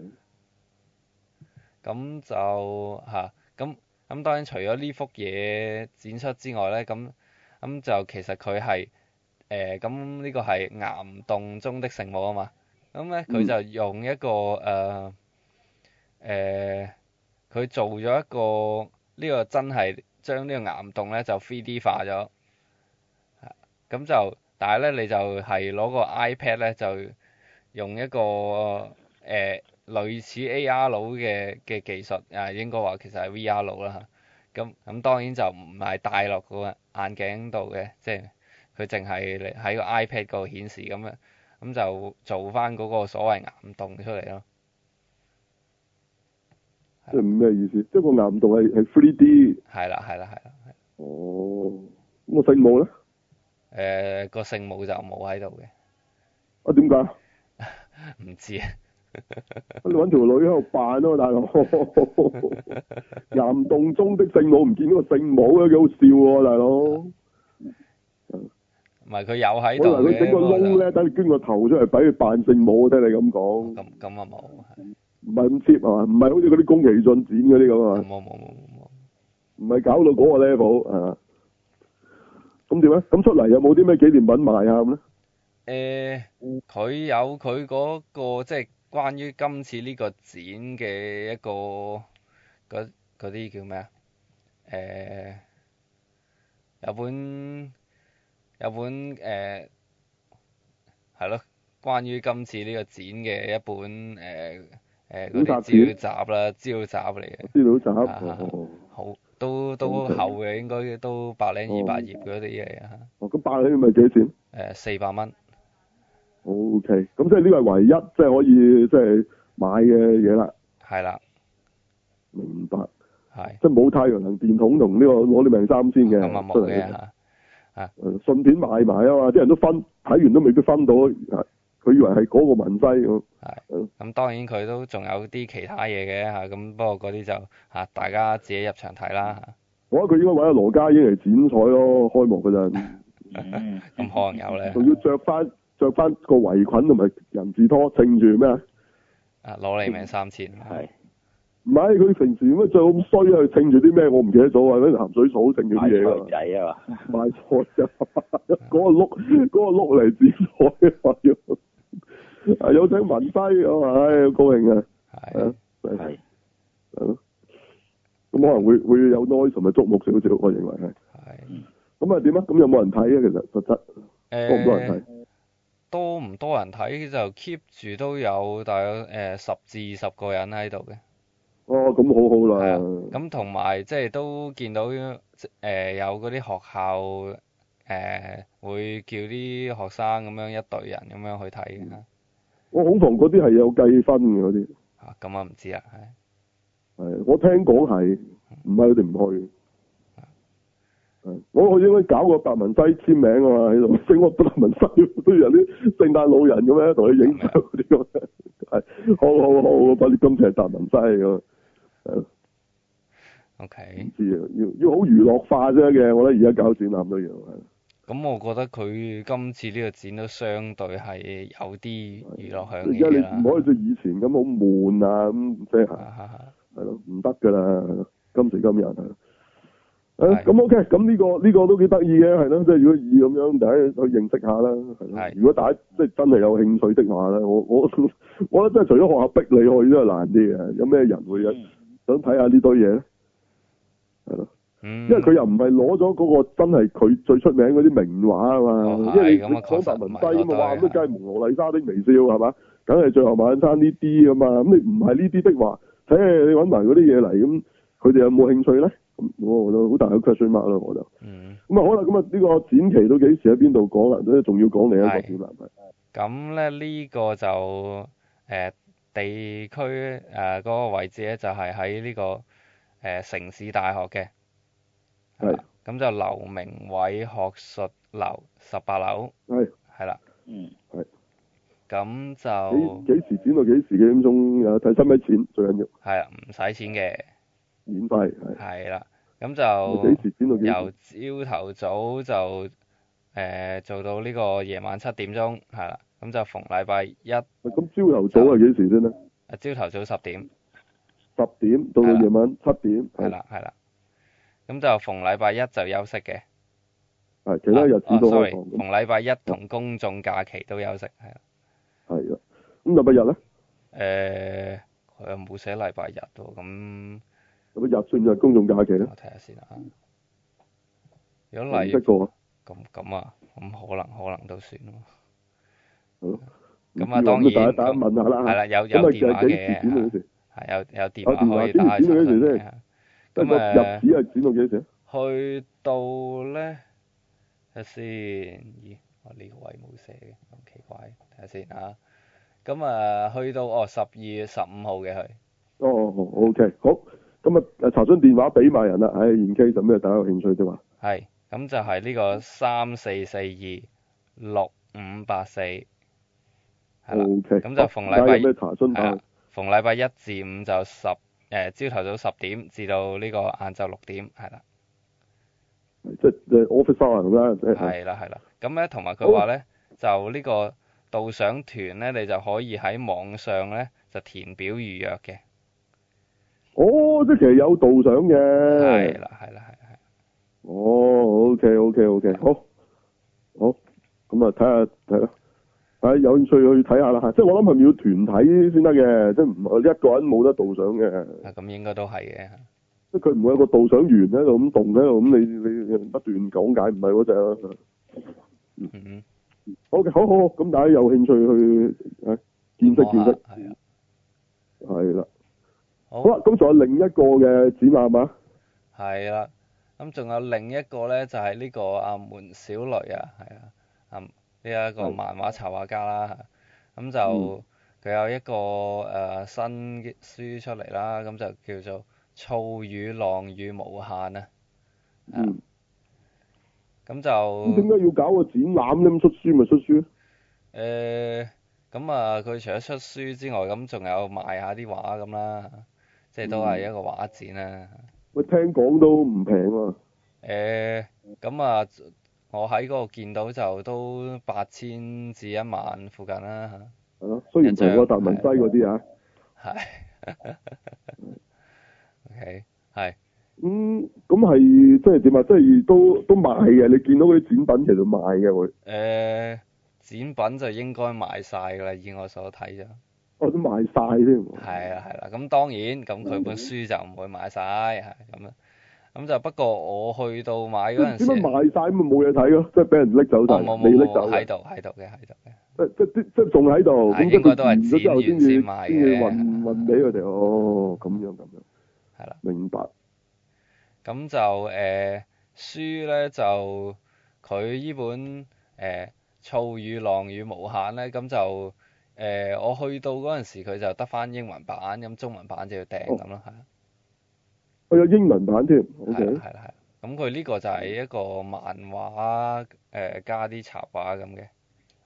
咁、啊啊、就嚇，咁、啊、咁當然除咗呢幅嘢展出之外咧，咁咁就其實佢係誒咁呢個係岩洞中的聖母啊嘛。咁咧，佢就用一個誒，誒、嗯，佢、呃、做咗一個呢、呢個真係將呢個岩洞咧就 3D 化咗，咁就，但係咧你就係攞個 iPad 咧就用一個誒、呃、類似 AR 佬嘅嘅技術啊，應該話其實係 VR 佬啦，咁咁當然就唔係戴落個眼鏡度嘅，即係佢淨係嚟喺個 iPad 度顯示咁樣。咁就做翻嗰個所謂岩洞出嚟咯，即係唔咩意思？即係個岩洞係係 three D，係啦係啦係啦，哦，咁個聖母咧？誒，個聖母就冇喺度嘅，啊，點解？唔 知 啊，你搵條女喺度扮咯，大佬，岩洞中的聖母唔見咗個聖母，幾好笑喎，大佬。唔係佢有喺度嘅，可能佢整個窿咧，等你捐個頭出嚟俾佢扮聖母。聽你咁講，咁咁啊冇，唔係咁 cheap 啊嘛，唔係好似嗰啲宮崎駿展嗰啲咁啊，冇冇冇冇冇，唔係搞到嗰個 level 啊，咁點咧？咁出嚟有冇啲咩紀念品賣啊咁咧？誒，佢有佢嗰個即係關於今次呢個展嘅一個嗰嗰啲叫咩啊？誒，有本。有本誒，係、呃、咯，關於今次呢個展嘅一本誒誒嗰啲資料集啦，資料集嚟嘅資料集，好、啊哦、都、okay. 都厚嘅，應該都百零二百頁嗰啲嘢啊。咁、哦哦、百零頁咪幾多錢？誒、呃，四百蚊。O K，咁即係呢個係唯一即係可以即係買嘅嘢啦。係啦。明白。係。即係冇太陽能電筒同呢個攞你命三千嘅。咁啊冇嘅吓啊！順便買埋啊嘛，啲人都分睇完都未必分到，佢以為係嗰個文西咁。係、啊。咁當然佢都仲有啲其他嘢嘅吓，咁、啊、不過嗰啲就吓、啊、大家自己入場睇啦、嗯。我覺得佢應該揾阿羅家英嚟剪彩咯，開幕嗰陣。咁可能有咧。仲要着翻着翻個圍裙同埋人字拖，正住咩啊？啊！攞你命三千係。唔係佢平時點解着咁衰啊？佢掟住啲咩？我唔記得咗啊！咩鹹水草掟住啲嘢啊？賣菜仔啊嘛！賣菜仔嗰 是的 個碌嗰、嗰個碌嚟剪彩啊！ 有請文西啊嘛！唉、哎，高興啊！係係咁可能會會有耐心同埋矚目少少，我認為係。係。咁啊點啊？咁有冇人睇啊？其實實質多唔多人睇、欸？多唔多人睇就 keep 住都有，大概誒十至二十個人喺度嘅。哦，咁好好啦。咁同埋即係都見到，誒、呃、有嗰啲學校誒、呃、會叫啲學生咁樣一隊人咁樣去睇嘅。我、嗯哦、恐堂嗰啲係有計分嘅嗰啲。咁我唔知啊，我聽講係，唔係佢哋唔去。我去應該搞個達文西簽名啊嘛喺度，升我達文西都似啲聖誕老人咁樣同佢影相嗰啲咁嘅。好好好好，拍啲今次係達文西咁。係咯，OK。要要好娛樂化啫嘅，我覺得而家搞展覽都樣。咁、嗯、我覺得佢今次呢個展都相對係有啲娛樂向嘅。而家你唔可以似以前咁好悶啊咁，唔得嚇。係咯，唔得㗎啦，今時今日。誒，咁 OK，咁呢、這個呢、這個都幾得意嘅，係咯，即係如果以咁樣大家去認識下啦，係如果大家即係真係有興趣的話咧，我我我覺得即係除咗學校逼你，是的逼你去都係難啲嘅，有咩人會有？嗯想睇下呢堆嘢咧，咯、嗯，因為佢又唔係攞咗嗰個真係佢最出名嗰啲名畫啊嘛、哦，因為你、嗯、你講達文西咁啊，哇咁啊梗係蒙羅麗莎的微笑係嘛，梗、啊、係最後晚餐呢啲啊嘛，咁你唔係呢啲壁畫，誒你揾埋嗰啲嘢嚟咁，佢哋有冇興趣咧？我覺得好大個 question mark 我就、嗯，咁啊好啦，咁啊呢個展期都幾時喺邊度講啦？都仲要講另一個展覽咁咧呢、呢個就、呃地區誒嗰個位置咧就係喺呢個誒城市大學嘅，咁就劉明偉學術樓十八樓，係，係啦，嗯，係，咁就幾幾時轉到幾時幾點鐘？睇收唔收錢？最緊要，係啊，唔使錢嘅，免費，係，係啦，咁就幾時轉到時？由朝頭早就誒、呃、做到呢個夜晚七點鐘，係啦。咁就逢禮拜一，咁朝頭早係幾時先咧？啊，朝頭早十點，十點到到夜晚七點，係啦係啦，咁就逢禮拜一就休息嘅，係其他日子都逢禮拜一同公眾假期都休息，係，係啦，咁禮拜日咧？誒，佢又冇寫禮拜日喎，咁禮拜日算唔算係公眾假期咧？我睇下先啊，如果例，唔得過啊，咁咁啊，咁可能可能都算啊。好，咁啊，當然大家問下啦，係啦，有有電話嘅，係有有電話可以打，咁啊，入紙係轉到幾時？去到咧，睇下先，咦，呢個位冇寫嘅，咁奇怪，睇下先嚇。咁啊，去到哦十二月十五號嘅佢。哦，好 OK，好，咁啊，查詢電話俾埋人啦。唉，然之後咩？大家有興趣啫嘛。係，咁就係呢個三四四二六五八四。係啦，咁就逢禮拜，係啊，逢禮拜一至五就十誒、欸，朝頭早十點至到呢個晏晝六點，係啦。即係 office hour 啦，即係。係啦係啦，咁咧同埋佢話咧，就呢個導賞團咧，你就可以喺網上咧就填表預約嘅。哦，即係其實有導賞嘅。係啦係啦係係。哦，OK OK OK，好，好，咁啊睇下睇啦。看看係有興趣去睇下啦，即係我諗係咪要團體先得嘅，即係唔一個人冇得導賞嘅。啊，咁應該都係嘅。即係佢唔會有個導賞員喺度咁動，喺度咁你你不斷講解，唔係嗰隻啦。嗯嗯。好嘅，好好，咁大家有興趣去啊見識見識。係啊。係啦。好啦，咁仲有另一個嘅展覽嘛？係啦。咁仲有另一個咧，就係呢個阿門小雷啊，係啊，阿。呢、這、一個漫畫插畫家啦，咁就佢有一個誒、嗯呃、新嘅書出嚟啦，咁就叫做《藻與浪與無限》嗯、啊。咁就。咁點解要搞個展覽咧？咁出書咪出書。誒、呃，咁啊，佢除咗出書之外，咁仲有賣下啲畫咁啦，即係都係一個畫展、嗯、啊。我聽講都唔平喎。誒，咁啊。我喺嗰度見到就都八千至一萬附近啦嚇。雖然除咗達文西嗰啲呀，係。O K，係。咁咁係即係點啊？即係都都賣嘅，你見到佢啲展品其實賣嘅會。誒、呃，展品就應該賣晒㗎啦，以我所睇就。我、哦、都賣晒先。係啊係啦，咁當然咁佢本書就唔會賣晒。嗯咁就不過我去到買嗰陣時候，點解賣晒冇嘢睇咯？即係俾人拎走我冇拎走喺度喺度嘅喺度嘅，即即即仲喺度。應該都係黐完咗之後先先賣嘅。先運運俾佢哋哦，咁樣咁樣，係啦，明白。咁就誒、呃、書咧就佢呢本誒《藻、呃、與浪與無限呢》咧，咁就誒我去到嗰陣時候，佢就得翻英文版，咁中文版就要訂咁咯，係、哦。我、哦、有英文版添，係啦係啦咁佢呢個就係一個漫畫，誒、呃、加啲插畫咁嘅，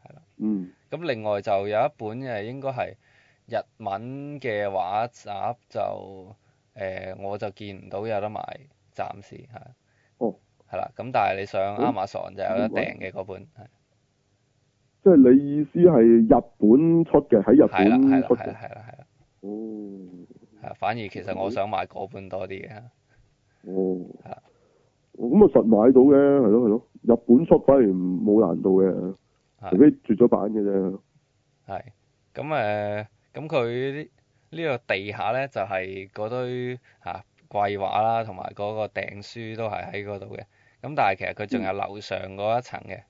係啦。嗯。咁另外就有一本誒，應該係日文嘅畫集就，就、呃、誒我就見唔到有得賣，暫時係。哦。係啦，咁但係你上 Amazon 就有得訂嘅嗰、哦、本即係你意思係日本出嘅，喺日本出嘅，係啦係啦。哦。啊，反而其實我想買嗰本多啲嘅。哦。嗯、我咁啊，實買到嘅，係咯係咯，日本出反而冇難度嘅，自己絕咗版嘅啫。咁誒，咁佢呢個地下咧就係嗰堆啊怪畫啦，同埋嗰個訂書都係喺嗰度嘅。咁但係其實佢仲有樓上嗰一層嘅。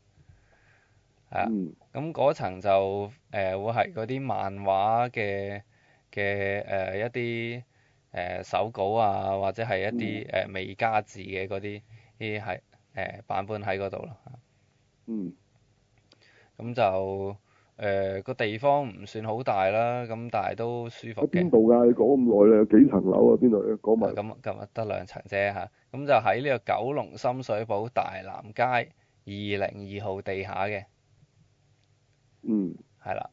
係啊、嗯。咁嗰層就誒、呃、會係嗰啲漫畫嘅。嘅誒、呃、一啲誒、呃、手稿啊，或者係一啲誒、嗯呃、未加字嘅嗰啲啲係誒版本喺嗰度咯。嗯。咁就誒個、呃、地方唔算好大啦，咁但係都舒服嘅。喺邊度㗎？你講咁耐，你有幾層樓啊？邊度？你講埋。咁咁啊，得兩層啫咁、啊、就喺呢個九龍深水埗大南街二零二號地下嘅。嗯。係啦。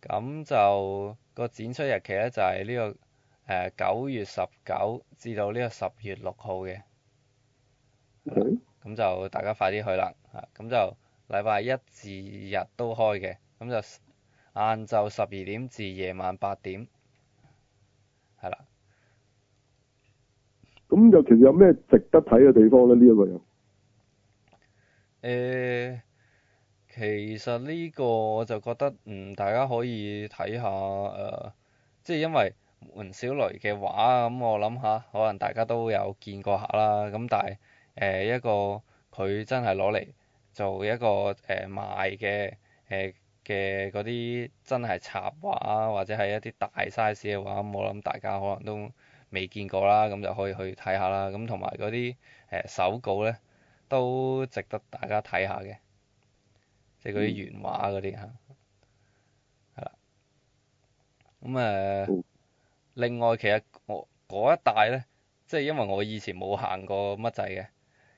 咁就～個展出日期咧就係呢個誒九月十九至到呢個十月六號嘅，咁、okay. 就大家快啲去啦，嚇咁就禮拜一至二日都開嘅，咁就晏晝十二點至夜晚八點，係啦。咁就其實有咩值得睇嘅地方咧？呢、這、一個又？誒、欸。其實呢個我就覺得嗯，大家可以睇下誒、呃，即係因為門小雷嘅畫咁，我諗下可能大家都有見過下啦。咁但係誒、呃、一個佢真係攞嚟做一個誒、呃、賣嘅嘅嗰啲真係插畫或者係一啲大 size 嘅畫，我諗大家可能都未見過啦，咁就可以去睇下啦。咁同埋嗰啲誒手稿呢，都值得大家睇下嘅。即係嗰啲原畫嗰啲嚇，係、嗯、啦。咁誒、呃，另外其實我嗰一帶咧，即、就、係、是、因為我以前冇行過乜滯嘅，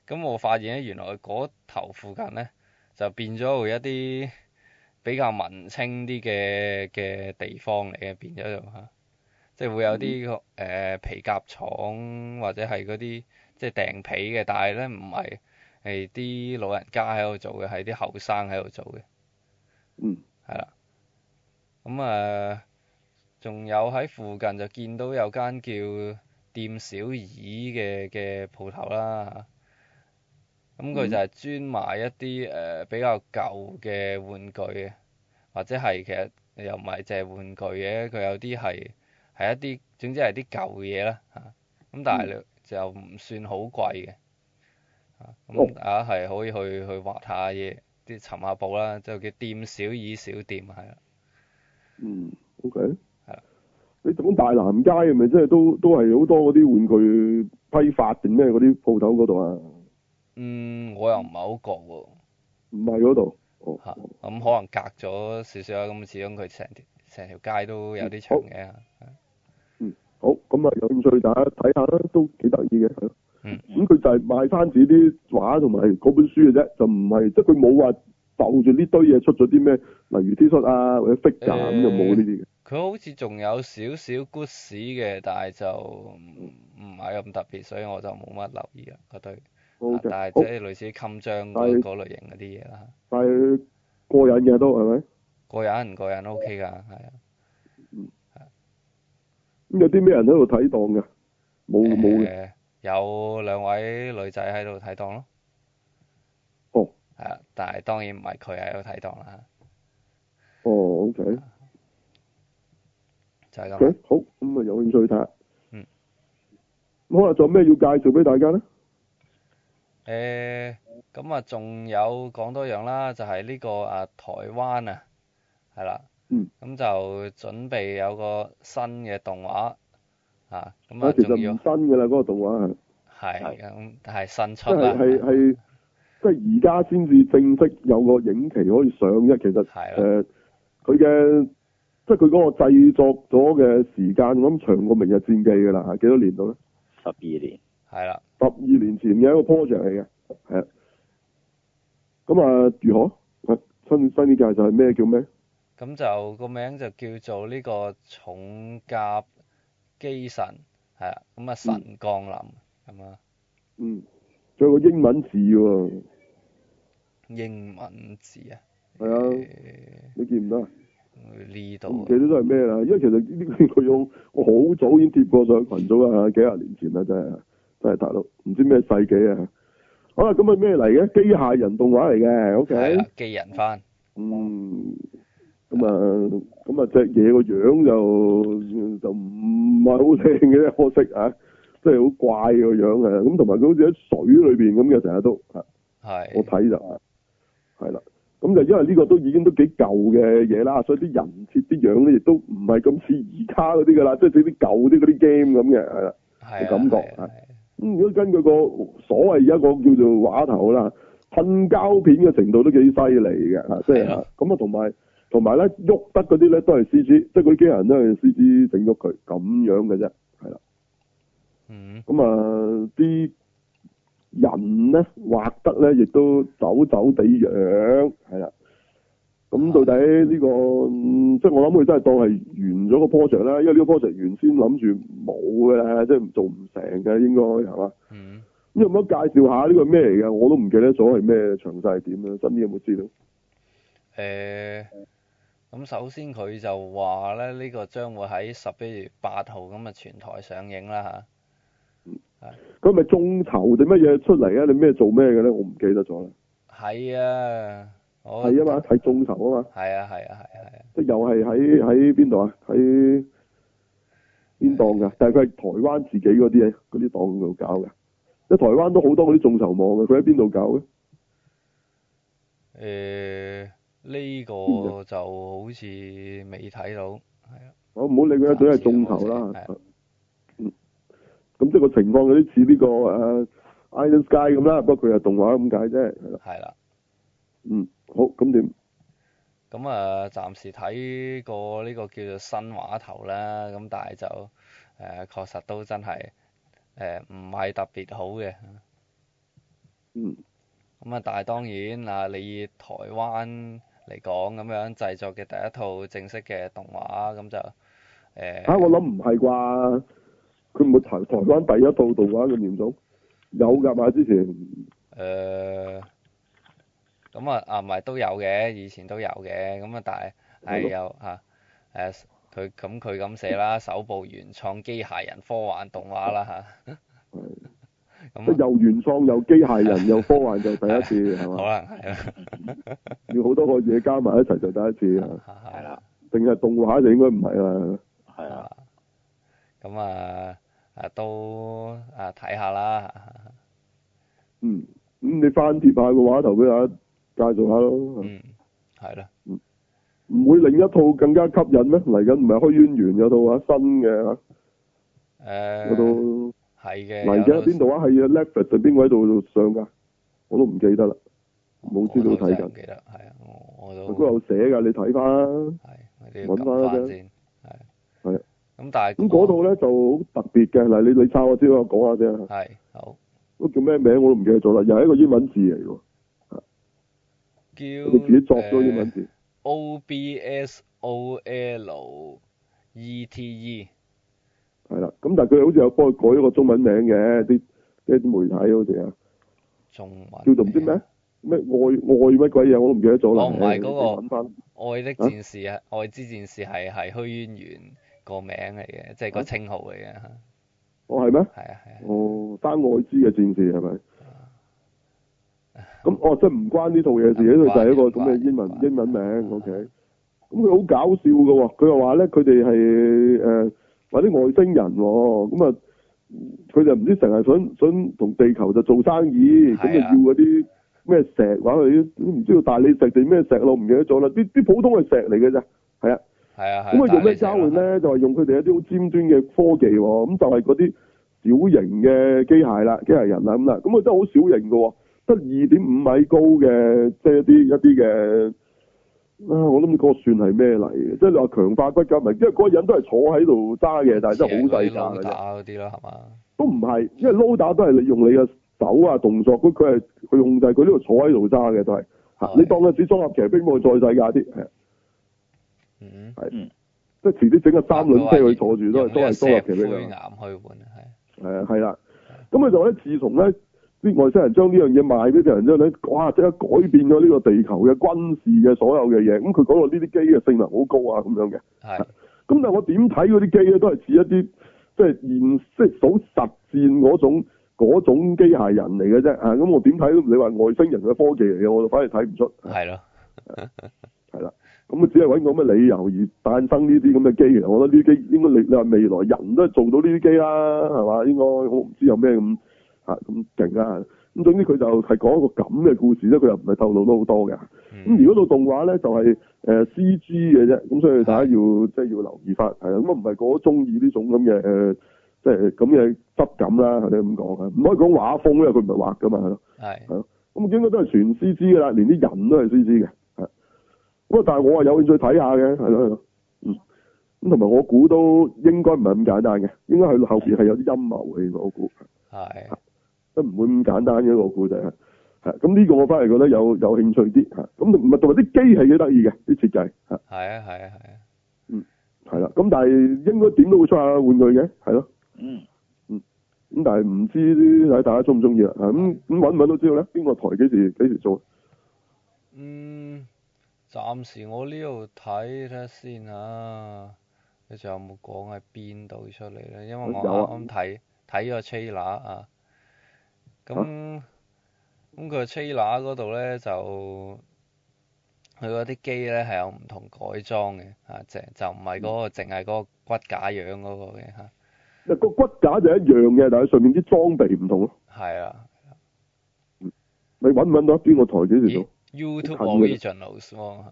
咁我發現咧，原來嗰頭附近咧就變咗會有一啲比較文青啲嘅嘅地方嚟嘅，變咗就嚇，即係會有啲個皮夾廠或者係嗰啲即係訂皮嘅，但係咧唔係。係啲老人家喺度做嘅、嗯，係啲後生喺度做嘅。嗯，係啦。咁啊，仲有喺附近就見到有間叫店小二嘅嘅鋪頭啦。咁、嗯、佢、嗯、就係專賣一啲誒比較舊嘅玩具嘅，或者係其實又唔係淨係玩具嘅，佢有啲係係一啲總之係啲舊嘅嘢啦。咁、嗯、但係就唔算好貴嘅。啊、嗯，咁啊係可以去去畫下嘢，啲尋下寶啦，就叫店小二小店係。嗯，OK。係啦。你咁大南街係咪真係都都係好多嗰啲玩具批發定咩嗰啲鋪頭嗰度啊？嗯，我又唔係好覺喎。唔係嗰度。咁、哦嗯、可能隔咗少少啦，咁始終佢成條成條街都有啲長嘅、嗯哦。嗯。好，咁啊，有興趣大家睇下啦，都幾得意嘅。咁、嗯、佢、嗯、就係賣翻自己啲畫同埋嗰本書嘅啫，就唔係即係佢冇話浮住呢堆嘢出咗啲咩，例如 T-shirt 啊或者 fake 咁就冇呢啲嘅。佢、欸、好似仲有少少 goods 嘅，但係就唔係咁特別，所以我就冇乜留意 okay, 啊嗰堆。但係即係類似襟章嗰嗰類型嗰啲嘢啦。但係過癮嘅都係咪？過癮唔過癮，OK 噶係啊。嗯。咁、嗯、有啲咩人喺度睇檔噶？冇冇嘅。欸有兩位女仔喺度睇檔咯。哦。係啊，但係當然唔係佢喺度睇檔啦。哦，O.K. 就係咁。好，好，咁啊，有興趣睇下。嗯。咁好啊，仲有咩要介紹俾大家咧？誒，咁啊，仲有講多樣啦，就係呢個啊，台灣啊，係啦。嗯。咁就準備有個新嘅動畫。啊，咁、嗯、啊，其實唔新嘅啦，嗰、嗰個動畫係係係新出啦，係即係而家先至正式有個影期可以上嘅，其實係誒佢嘅即係佢嗰個製作咗嘅時間，我諗長過《明日戰記》噶啦，幾多年度咧？十二年係啦，十二年前嘅一個 project 嚟嘅，係啊。咁、嗯、啊，如何新新嘅介紹係咩叫咩？咁就、個名就叫做呢個重甲機神係啊，咁啊神降臨咁啊，嗯，仲、嗯、有個英文字喎、啊，英文字啊，係啊、嗯，你見唔到啊？呢度，其實都係咩啦？因為其實呢個佢用我好早已經貼過上群組啊，幾廿年前啦，真係真係大佬唔知咩世紀啊，好啦，咁係咩嚟嘅？機械人動畫嚟嘅，O K，機人番，嗯。咁啊，咁啊隻嘢個樣就就唔係好靚嘅，可惜啊，即係好怪個樣啊。咁同埋佢好似喺水裏面咁嘅，成日都係。我睇就係啦。咁就因為呢個都已經都幾舊嘅嘢啦，所以啲人設啲樣咧亦都唔係咁似而家嗰啲噶啦，即係似啲舊啲嗰啲 game 咁嘅係啦嘅感覺。咁如果根據個所謂而家個叫做畫頭啦，噴膠片嘅程度都幾犀利嘅啊，即係咁啊，同埋。同埋咧，喐得嗰啲咧都係 CG，即係嗰啲機人都係 CG 整咗佢，咁樣嘅啫，係啦。嗯。咁啊，啲人咧畫得咧，亦都走走地樣，係啦。咁到底呢、這個、嗯、即係我諗佢真係當係完咗個 project 啦，因為呢個 project 原先諗住冇嘅，即係做唔成嘅，應該係嘛？咁有冇得介紹下呢、這個咩嚟嘅？我都唔記得咗係咩，詳細點咧？新啲有冇知道？誒、欸。咁首先佢就話咧，呢個將會喺十一月八號咁啊全台上映啦吓？嗯。佢咪眾籌定乜嘢出嚟啊？你咩做咩嘅咧？我唔記得咗啦。係啊。係啊嘛，係眾籌啊嘛。係啊，係啊，係啊，係。即係又係喺喺邊度啊？喺邊、啊啊啊啊、檔㗎、啊？但係佢係台灣自己嗰啲嗰啲檔度搞㗎。即係台灣都好多嗰啲眾籌網嘅，佢喺邊度搞嘅？欸呢、這個就好似未睇到，係啊，我唔好理佢一對係重頭啦，嗯，咁即係個情況有啲似呢個誒《Iron Sky》咁啦，不過佢係動畫咁解啫，係啦，嗯，好，咁點？咁啊，暫時睇過呢個叫做新畫頭啦，咁但係就誒、呃、確實都真係誒唔係特別好嘅，嗯，咁啊，但係當然啊，你台灣嚟講咁樣製作嘅第一套正式嘅動畫，咁就誒嚇、欸啊，我諗唔係啩？佢冇台台灣第一套動畫嘅年度？有㗎嘛之前？誒、呃，咁啊啊唔係都有嘅，以前都有嘅，咁啊但係係有嚇誒，佢咁佢咁寫啦，首部原創機械人科幻動畫啦嚇。啊即係又原創又機械人又科幻，就第一次係嘛？好啊，要好多個嘢加埋一齊就第一次。係啦，定係動畫就應該唔係啦。係啊。咁啊，啊都啊睇下啦。嗯，咁你翻貼下個話頭俾我介紹下咯。嗯，係啦。唔會另一套更加吸引咩？嚟緊唔係虛淵玄有套話新嘅。誒。我都。睇嘅，家喺邊度啊？係啊，Levert 定邊個喺度上噶？我都唔記得啦，冇，知道睇緊。記得係啊，我都。有寫噶，你睇翻。係。搵翻先。係。係。咁但係咁嗰度咧就好特別嘅，嗱，你你教我先啊，講下啫。係。好。嗰叫咩名？我都唔記得咗啦，又係一個英文字嚟嘅。叫。你自己作咗英文字，呃。O B S O L E T E 係啦，咁但係佢好似有幫佢改咗個中文名嘅，啲啲媒體好似啊，叫做唔知咩咩愛愛乜鬼嘢，我都唔記得咗啦。哦、那個，唔係嗰個愛的戰士啊，愛之戰士係係虛淵玄個名嚟嘅，即、啊、係、就係、個稱號嚟嘅。哦，係咩？係啊係啊。哦，單愛之嘅戰士係咪？咁 哦，即係唔關呢套嘢事，呢度就係一個咁嘅英文英文名。O K。咁佢好搞笑嘅喎，佢又話咧，佢哋係誒。呃或啲外星人喎，咁啊，佢就唔知成日想想同地球就做生意，咁啊要嗰啲咩石玩佢，唔知道大理石定咩石咯，唔記得咗啦。啲啲普通嘅石嚟嘅啫，係啊，係啊，咁啊用咩交換咧？就係用佢哋一啲好尖端嘅科技喎，咁就係嗰啲小型嘅機械啦、機械人啦咁啦，咁啊真係好小型嘅，得二點五米高嘅，即係啲一啲嘅。我都唔知個算係咩嚟嘅，即係你話強化骨質唔係，因為嗰人都係坐喺度揸嘢，但係真係好細渣嗰啲啦係嘛？都唔係，因為撈打都係利用你嘅手啊動作，佢係去控制佢，呢度坐喺度揸嘅，都係你當佢似裝甲騎兵，冇再細架啲嗯，嗯。即係遲啲整個三輪車去、嗯、坐住都係都係裝甲騎兵。退眼退本係。啦。咁、嗯、佢、嗯嗯、就話咧，自從咧。啲外星人將呢樣嘢賣俾隻人之後咧，哇！即刻改變咗呢個地球嘅軍事嘅所有嘅嘢。咁佢講到呢啲機嘅性能好高啊，咁樣嘅。係。咁但係我點睇嗰啲機咧，都係似一啲即係現即係好實戰嗰種嗰種機械人嚟嘅啫。咁、啊、我點睇都唔理話外星人嘅科技嚟嘅，我就反而睇唔出。係咯。係 啦。咁啊，只係搵個咩理由而誕生呢啲咁嘅機？其實我覺得呢啲機應該你你話未來人都係做到呢啲機啦，係嘛？應該我唔知有咩咁。咁勁啊！咁總之佢就係講一個咁嘅故事，佢又唔係透露得好多嘅。咁如果做動畫咧，就係誒 C G 嘅啫。咁所以大家要即係、嗯就是、要留意翻，係啊，咁啊唔係個中意呢種咁嘅即係咁嘅質感啦，或者咁講唔可以講畫風，因為佢唔係畫噶嘛，係咯，係咯。咁應該都係全 C G 噶啦，連啲人都係 C G 嘅。咁但係我啊有興趣睇下嘅，係咯，係咯，咁同埋我估都應該唔係咁簡單嘅，應該喺後邊係有啲陰謀嘅，我估係。都唔會咁簡單嘅一個古仔啊，嚇！咁呢個我翻嚟覺得有有興趣啲嚇，咁唔係同埋啲機係幾得意嘅啲設計嚇。係啊係啊係啊，嗯，係啦。咁但係應該點都會出下玩具嘅，係咯。嗯。嗯。咁但係唔知睇大家中唔中意啦嚇，咁咁揾唔揾到知道咧？邊個台幾時幾時做？嗯，暫時我呢度睇睇先啊。你仲有冇講係邊度出嚟咧？因為我啱啱睇睇咗個 Chila 啊。咁咁佢個 trailer 嗰度咧就佢嗰啲機咧係有唔同改裝嘅啊，即係就唔係嗰個淨係嗰個骨架樣嗰個嘅嚇。啊個骨架就一樣嘅，但係上面啲裝備唔同咯。係啊。你揾唔揾到邊個台幾時做？YouTube Originals One。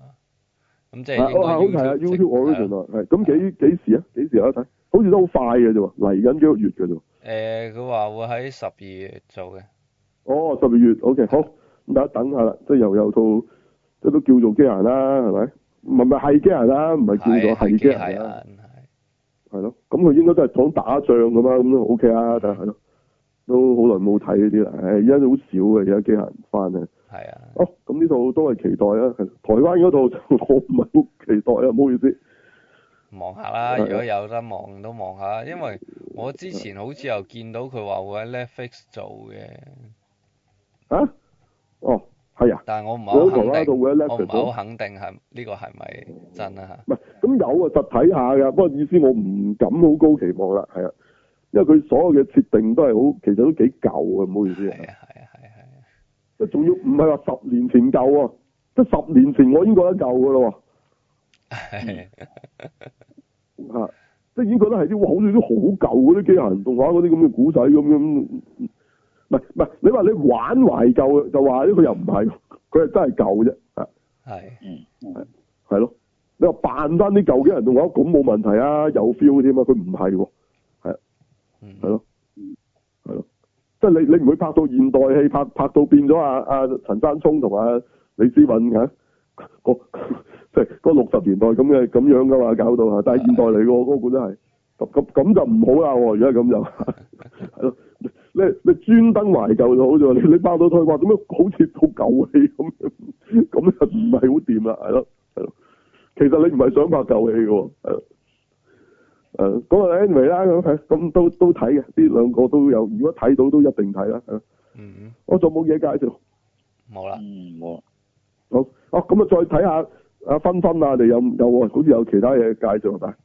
咁即係。啊，我好睇啊！YouTube Original 係咁幾幾時啊？幾時啊？睇，好似都好快嘅啫喎，嚟緊幾個月嘅啫喎。誒、欸，佢話會喺十二月做嘅。哦，十二月，O、okay, K，好。咁大家等下啦，即係又有套，即係都叫做機械人啦，係咪？唔係唔係係機械人啦，唔係叫做係機械人啦。係咯、啊，咁佢、啊啊啊、應該都係講打仗噶嘛，咁都 O K 啊，係咯、啊啊。都好耐冇睇呢啲啦，唉，而家都好少嘅，而家機械人唔翻啊。係啊。哦，咁呢套都係期待啊。台灣嗰套 我唔係好期待啊，唔好意思。望下啦，如果有得望都望下，因為我之前好似又見到佢話會喺 Netflix 做嘅。啊？哦，係啊。我但係我唔係好肯定，我唔係好肯定呢、呢個係咪真啊？唔係，咁有啊，實睇下㗎。不過意思我唔敢好高期望啦，係啊。因為佢所有嘅設定都係好，其實都幾舊嘅，唔好意思。係啊係啊係啊。即仲要唔係話十年前舊喎？即十年前我已經覺得舊㗎喇喎。係、 嗯，吓即已經覺得係啲，好似都好舊嗰啲機械人動畫嗰啲咁嘅古仔咁樣，樣，唔係唔係，你話你玩懷舊，就話呢個又唔係，佢係真係舊啫，係， 係、嗯，係，嗯、咯，你話扮翻啲舊機械人動畫咁冇問題啊，有 feel 啲嘛，佢唔係，係，係、嗯、咯，係咯，即係你你唔會拍到現代戲，拍拍到變咗啊啊陳山聰同啊李施嬅啊？即 係、嗰個，六十年代咁嘅咁樣噶嘛，搞到吓，但係現代嚟噶嗰個本身係咁咁咁就唔好啦，如果咁就係咯， 你你專登懷舊就好咗，你爆到胎話咁樣好似套舊戲咁，咁就唔係好掂啦，係咯，係咯，其實你唔係想拍舊戲噶，誒誒，咁啊 e 嚟啦，咁，嗰個 anyway, 都都睇嘅，呢兩個都有，如果睇到都一定睇啦，係嗯我仲冇嘢介紹，冇啦，嗯，冇。嗯沒有。好，哦，咁啊，再睇下阿分分啊，你有有好似有其他嘢介紹。啊，